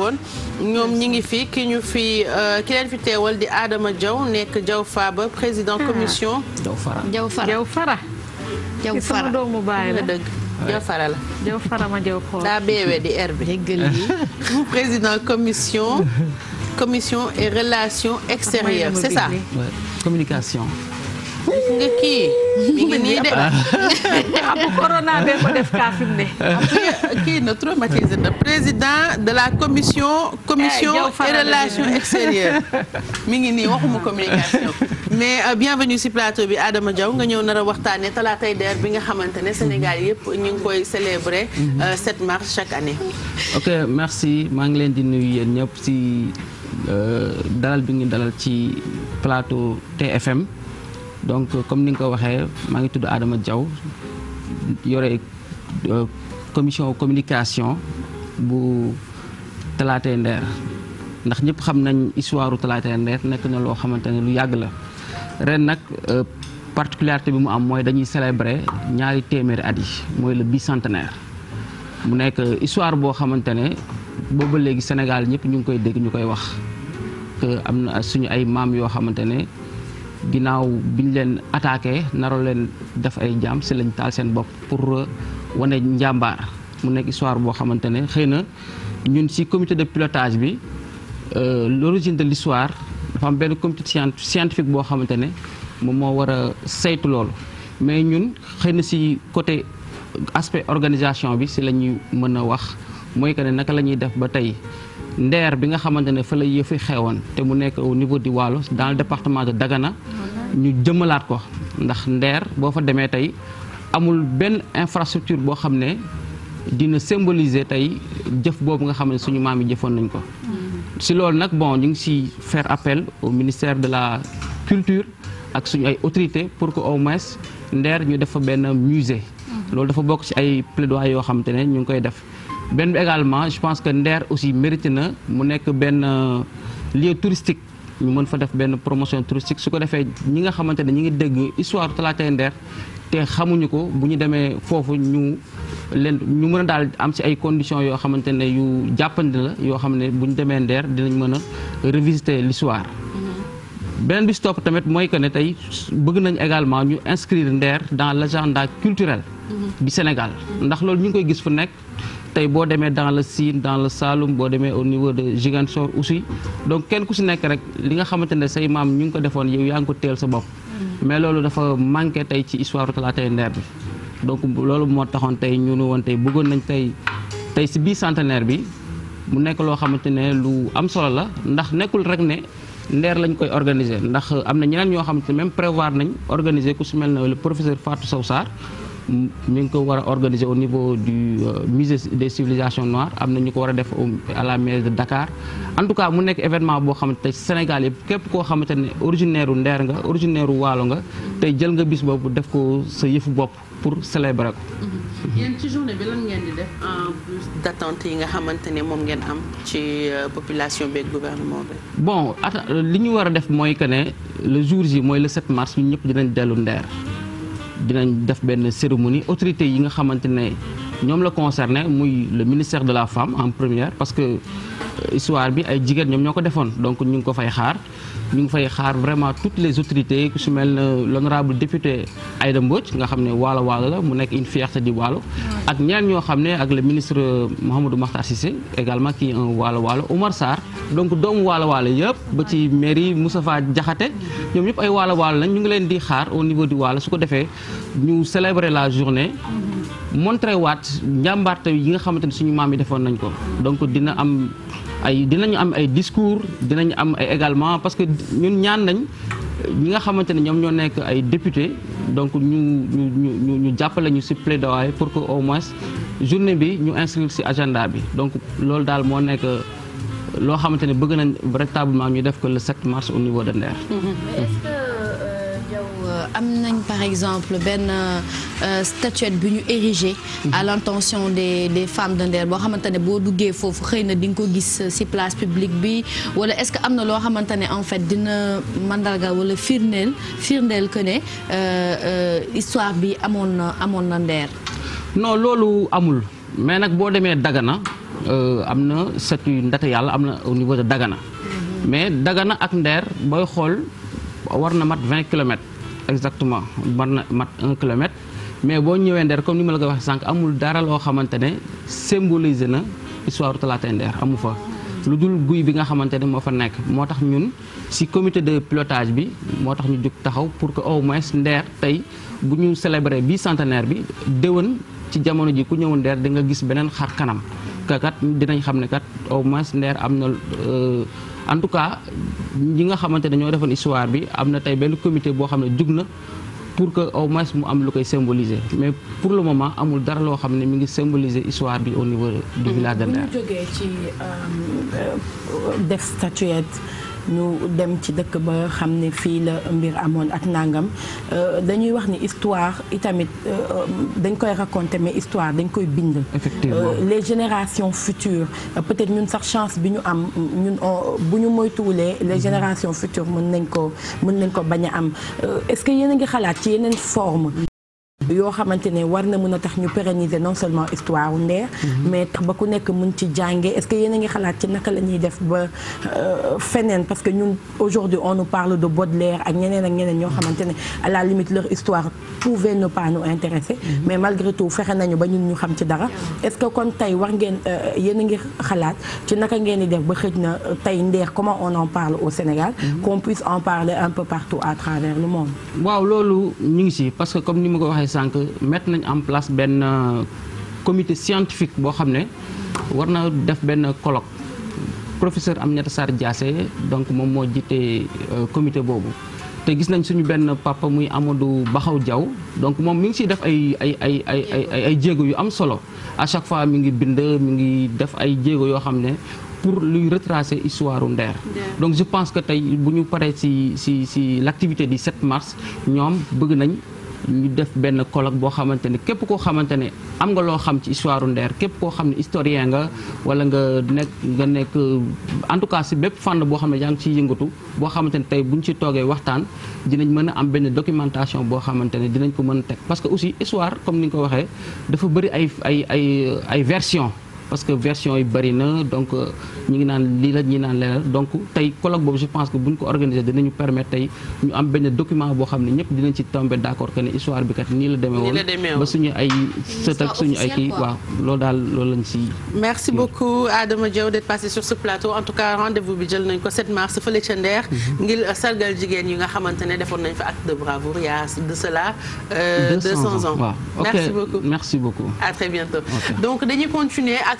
jàppoon ñoom ñi ngi fi ki ñu fi euh, ki leen fi teewal di aadama Diaw nekk jaw faaba président ah. commission. Diaw Fara jaw Fara Diaw Fara. Diaw Fara sama doomu la dëgg. Diaw Fara ma Diaw xool. daa beewee di air bi. président commission. commission et relation extérieures c'est ça. gis nga kii mi ngi nii de xam corona bee ko def kaa ne kii na traumatisé na président de la commission commission eh, et relations ngi nii waxuma communication mais euh, bienvenue si plateau bi Adama Diaw nga ñëw nar a waxtaane talaatay der bi nga xamante ne Sénégal yëpp ñu ngi koy célébrer 7 mhm. euh, mars chaque année ok merci maa ngi leen di nuyu yéen ñëpp ci euh, dalal bi ngi dalal ci plateau TFM donc comme ni nga ko waxee maa ngi tudd Adama jaw yore euh, commission communication bu Talaatay Nder ndax ñëpp xam nañ histoire Talaatay Nder nekk na loo xamante ne lu yàgg la ren nag euh, particularité bi mu am mooy dañuy célébrer ñaari téeméeri at yi mooy le bicentenaire mu nekk histoire boo xamante ne booba léegi Sénégal ñëpp ñu ngi koy dégg ñu koy wax que am na suñu ay maam yoo xamante ne ginnaaw biñ leen attaqué naroo leen def ay jaam si lañ taal seen bopp pour euh, wane njàmbaar mu nekk histoire boo xamante ne xëy na ñun si comité de pilotage bi euh, l'origine de l'histoire dafa am benn comité scientifique boo xamante ne moom moo war a saytu loolu mais ñun xëy na si côté aspect organisation bi si la ñuy mën a wax mooy que ne naka la ñuy def ba tey ndeer bi nga xamante ne fa la yëfi xewoon te mu nekk au niveau di Waalo dans le département de Dagana ñu jëmalaat ko ndax ndeer boo fa demee tey amul benn infrastructure boo xam ne dina symboliser tey jëf boobu nga xam ne suñu maam yi jëfoon nañ ko mm. si loolu nag bon ñu ngi si fair appel au ministère de la culture ak suñu ay autorités pour que au moins ndeer ñu def fa benn musée mm. loolu dafa bokk ci ay plaidoyer yoo xam te ne ñu ngi koy def benn bi également je pense que Nder aussi mérite na mu nekk benn euh, lieu touristique ñu mën fa def benn promotion touristique su ko defee ñi nga xamante ne ñi ngi dégg histoire Talaatay Nder te xamuñu ko bu ñu demee foofu ñu leen ñu mën a daal am si ay conditions yoo xamante ne yu jàppandi la yoo xam ne bu ñu demee Nder dinañ mën a revisiter l'histoire mm-hmm. beneen bi si tamit mooy que ne tey bëgg nañ également ñu inscrire Nder dans l'agenda culturel mm-hmm. du Sénégal tey boo demee dans le Sine dans le Saloum boo demee au niveau de Ziguinchor aussi donc kenn ku si nekk rek li nga xamante ne say maam ñu ngi ko defoon yow yaa ngi ko teel sa bopp. Mm. mais loolu dafa manqué tey ci histoire Talaatay Nder bi. donc loolu moo taxoon tey ñu ne woon tey bëggoon nañ tey tey si biir centenaire bi mu nekk loo xamante ne lu am solo la ndax nekkul rek ne Nder lañ koy organiser ndax am na ñeneen ñoo xamante ne même prévoir nañ organiser ku si mel ne le professeur Fatou Sow Sarr mi ngi ko war a organiser au niveau du euh, mise des civilisations noires am na ñu ko war a def à la mairie de dakaar en tout cas mu nekk événement boo xamante ne Sénégal yëpp képp koo xamante ne originaire Ndeer nga originaire Waalo nga tey jël nga bis boobu def ko sa yëfu bopp pour célébrer ko. Mhm. yéen ci journée bi yi nga xamante ne moom ngeen am ci euh, population bi. bon li ñu war a def mooy que ne le jour J mooy le 7 mars ñun ñëpp dinañ dellu Ndeer. dinañ def benn cérémonie autorité yi nga xamante ne ñoom la concerné muy le ministère de la femme en première parce que histoire bi ay jigéen ñoom ñoo ko defoon donc ñu ngi ko fay xaar ñu ngi fay xaar vraiment toutes les autorités ku su mel ne l'honorable député Aïda Mbodj nga xam ne waalo waalo la mu nekk une fierté di waalo ak ñeneen ñoo xam ne ak le ministre Mouhamadou Makhtar Cissé également qui est un waalo waalo Omar Sarr donc doomu waalo waalo yëpp ba ci mairie Moustapha Diakhaté ñoom ñëpp ay waalo waalo lañ ñu ngi leen di xaar au niveau di waalo su ko defee ñu célébrer la journée montré waat njàmbaarte yi nga xamante ne suñu maam yi defoon nañ ko ay dinañu am ay discours dinañu am ay également parce que ñun ñaan nañ ñi nga xamante ne ñoom ñoo nekk ay député donc ñu ñu ñu ñu jàppale ñu si plaidoyer pour que au moins journée bi ñu inscrire si agenda bi donc loolu daal moo nekk. loo xamante ne bëgg nañ véritablement ñu def ko le 7 mars au niveau de Nder. Mm-hmm. Mm-hmm. Euh, am nañ par exemple benn euh, euh, statuette bi ñu érigée mhm. à l'intention des des femmes de Nder boo xamante ne boo duggee foofu xëy na di nga ko gis ci place publique bi wala est-ce que am na loo xamante ne en fait dina mandarga wala firndeel firndeel que ne histoire bi amoon na amoon na Nder non loolu amul mais nag boo demee Dagana am na statue Ndate Yàlla am na au niveau de Dagana mhm. mais Dagana ak Nder booy xool war na mat vingt exactement mat na mat un kilomètre mais boo ñëwee Nder comme ni ma la ko waxee sànq amul dara loo xamante ne symbolise na histoire Talaatay Nder amu fa lu dul guy bi nga xamante ne moo fa nekk moo tax ñun ci comité de pilotage bi moo tax ñu jug taxaw pour que au moins Nder tey bu ñu célébrer bi centenaire bi déwén ci jamono ji ku ñëw ndeer di nga gis beneen xar kanam que kat dinañ xam ne kat au moins Nder am na euh, en tout cas ñi nga xamante ne ñoo defoon histoire bi am na tey benn comité boo xam ne jug na pour que au moins mu am lu koy symboliser mais pour le moment amul dara loo xam ne mi ngi symboliser histoire bi au niveau du village de Nder. bu jógee ci euh, euh, def statuette. ñu dem ci dëkk ba xam ne fii la mbir amoon ak nangam euh, dañuy wax ni histoire itamit euh, euh, dañ koy raconter mais histoire dañ koy bind. les générations futures peut-être ñun sax chance bi ñu am ñun bu ñu moytuwulee les mm-hmm. générations futures mën nañ ko mën nañ ko bañ a am est-ce que yéen a ngi xalaat ci yeneen forme yoo xamante ne war na mën a tax ñu pérenniser non seulement histoire wu Nder mhm. mais ba ku nekk mën ci jànge est-ce que yéen a ngi xalaat ci naka euh, on nous parle de Baudelaire ak ñeneen ak ñeneen ñoo xamante ne la limite leur histoire pouvait ne pas mhm. mais malgré tout fexe nañu ba ñun ñu xam ci dara est-ce que kon tey war ngeen euh, yéen ngi xalaat ci naka ngeen di def ba xëj na euh, tey Nder comment on en parle au Sénégal mhm. qu'on puisse en parler un peu partout comme ni ma ko waxee sànq mettre nañ en place benn euh, comité scientifique boo xam ne war na def benn colloque professeur Aminata Sarr Diassé donc moom moo jiite euh, comité boobu te gis nañ suñu benn papa muy Amadou Baxaw Diaw donc moom mi ngi si def ay ay ay ay ay ay jéego yu am solo à chaque fois mi ngi bind mi ngi def ay jéego yoo xam ne pour luy retracer histoire u Nder donc je pense que tey bu ñu paree si si si l'activité di 7 mars ñoom bëgg nañ ñu def benn colloque boo xamante ne képp koo xamante ne am nga loo xam ci histoire Nder képp koo xam ne historien nga wala nga nekk nga nekk en tout cas si bépp fànn boo xam ne yaa ngi ciy yëngatu boo xamante ne tey bu ñu ci toogee waxtaan dinañ mën a am benn documentation boo xamante ne dinañ ko mën a teg parce que aussi histoire comme ni nga ko waxee dafa bëri ay ay ay ay version parce que version yi bëri na donc euh, ñi ngi naan lii la leeral donc tey colloque boobu je pense que buñ ko organiser dinañu permettre tey ñu am benn document boo xam ne ñëpp dinañ ci tombé d' accord que ne histoire bi kat nii la demee woon ba suñu ay sët ak suñu ay kii waaw loolu daal loolu lañ si merci beaucoup Adama Diaw d'être passé sur ce plateau en tout cas rendez-vous bi jël nañ ko 7 mars fële ca mhm. ngir euh, sargal jigéen yi nga xamante ne defoon nañ fa acte de bravoure a de cela 200 euh, ans merci beaucoup merci beaucoup à